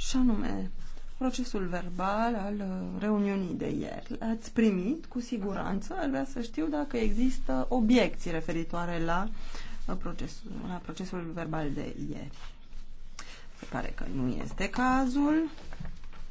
și anume procesul verbal al uh, reuniunii de ieri. ați primit cu siguranță, ar vrea să știu dacă există obiecții referitoare la uh, procesul, la procesul verbal de ieri. Se pare că nu este cazul.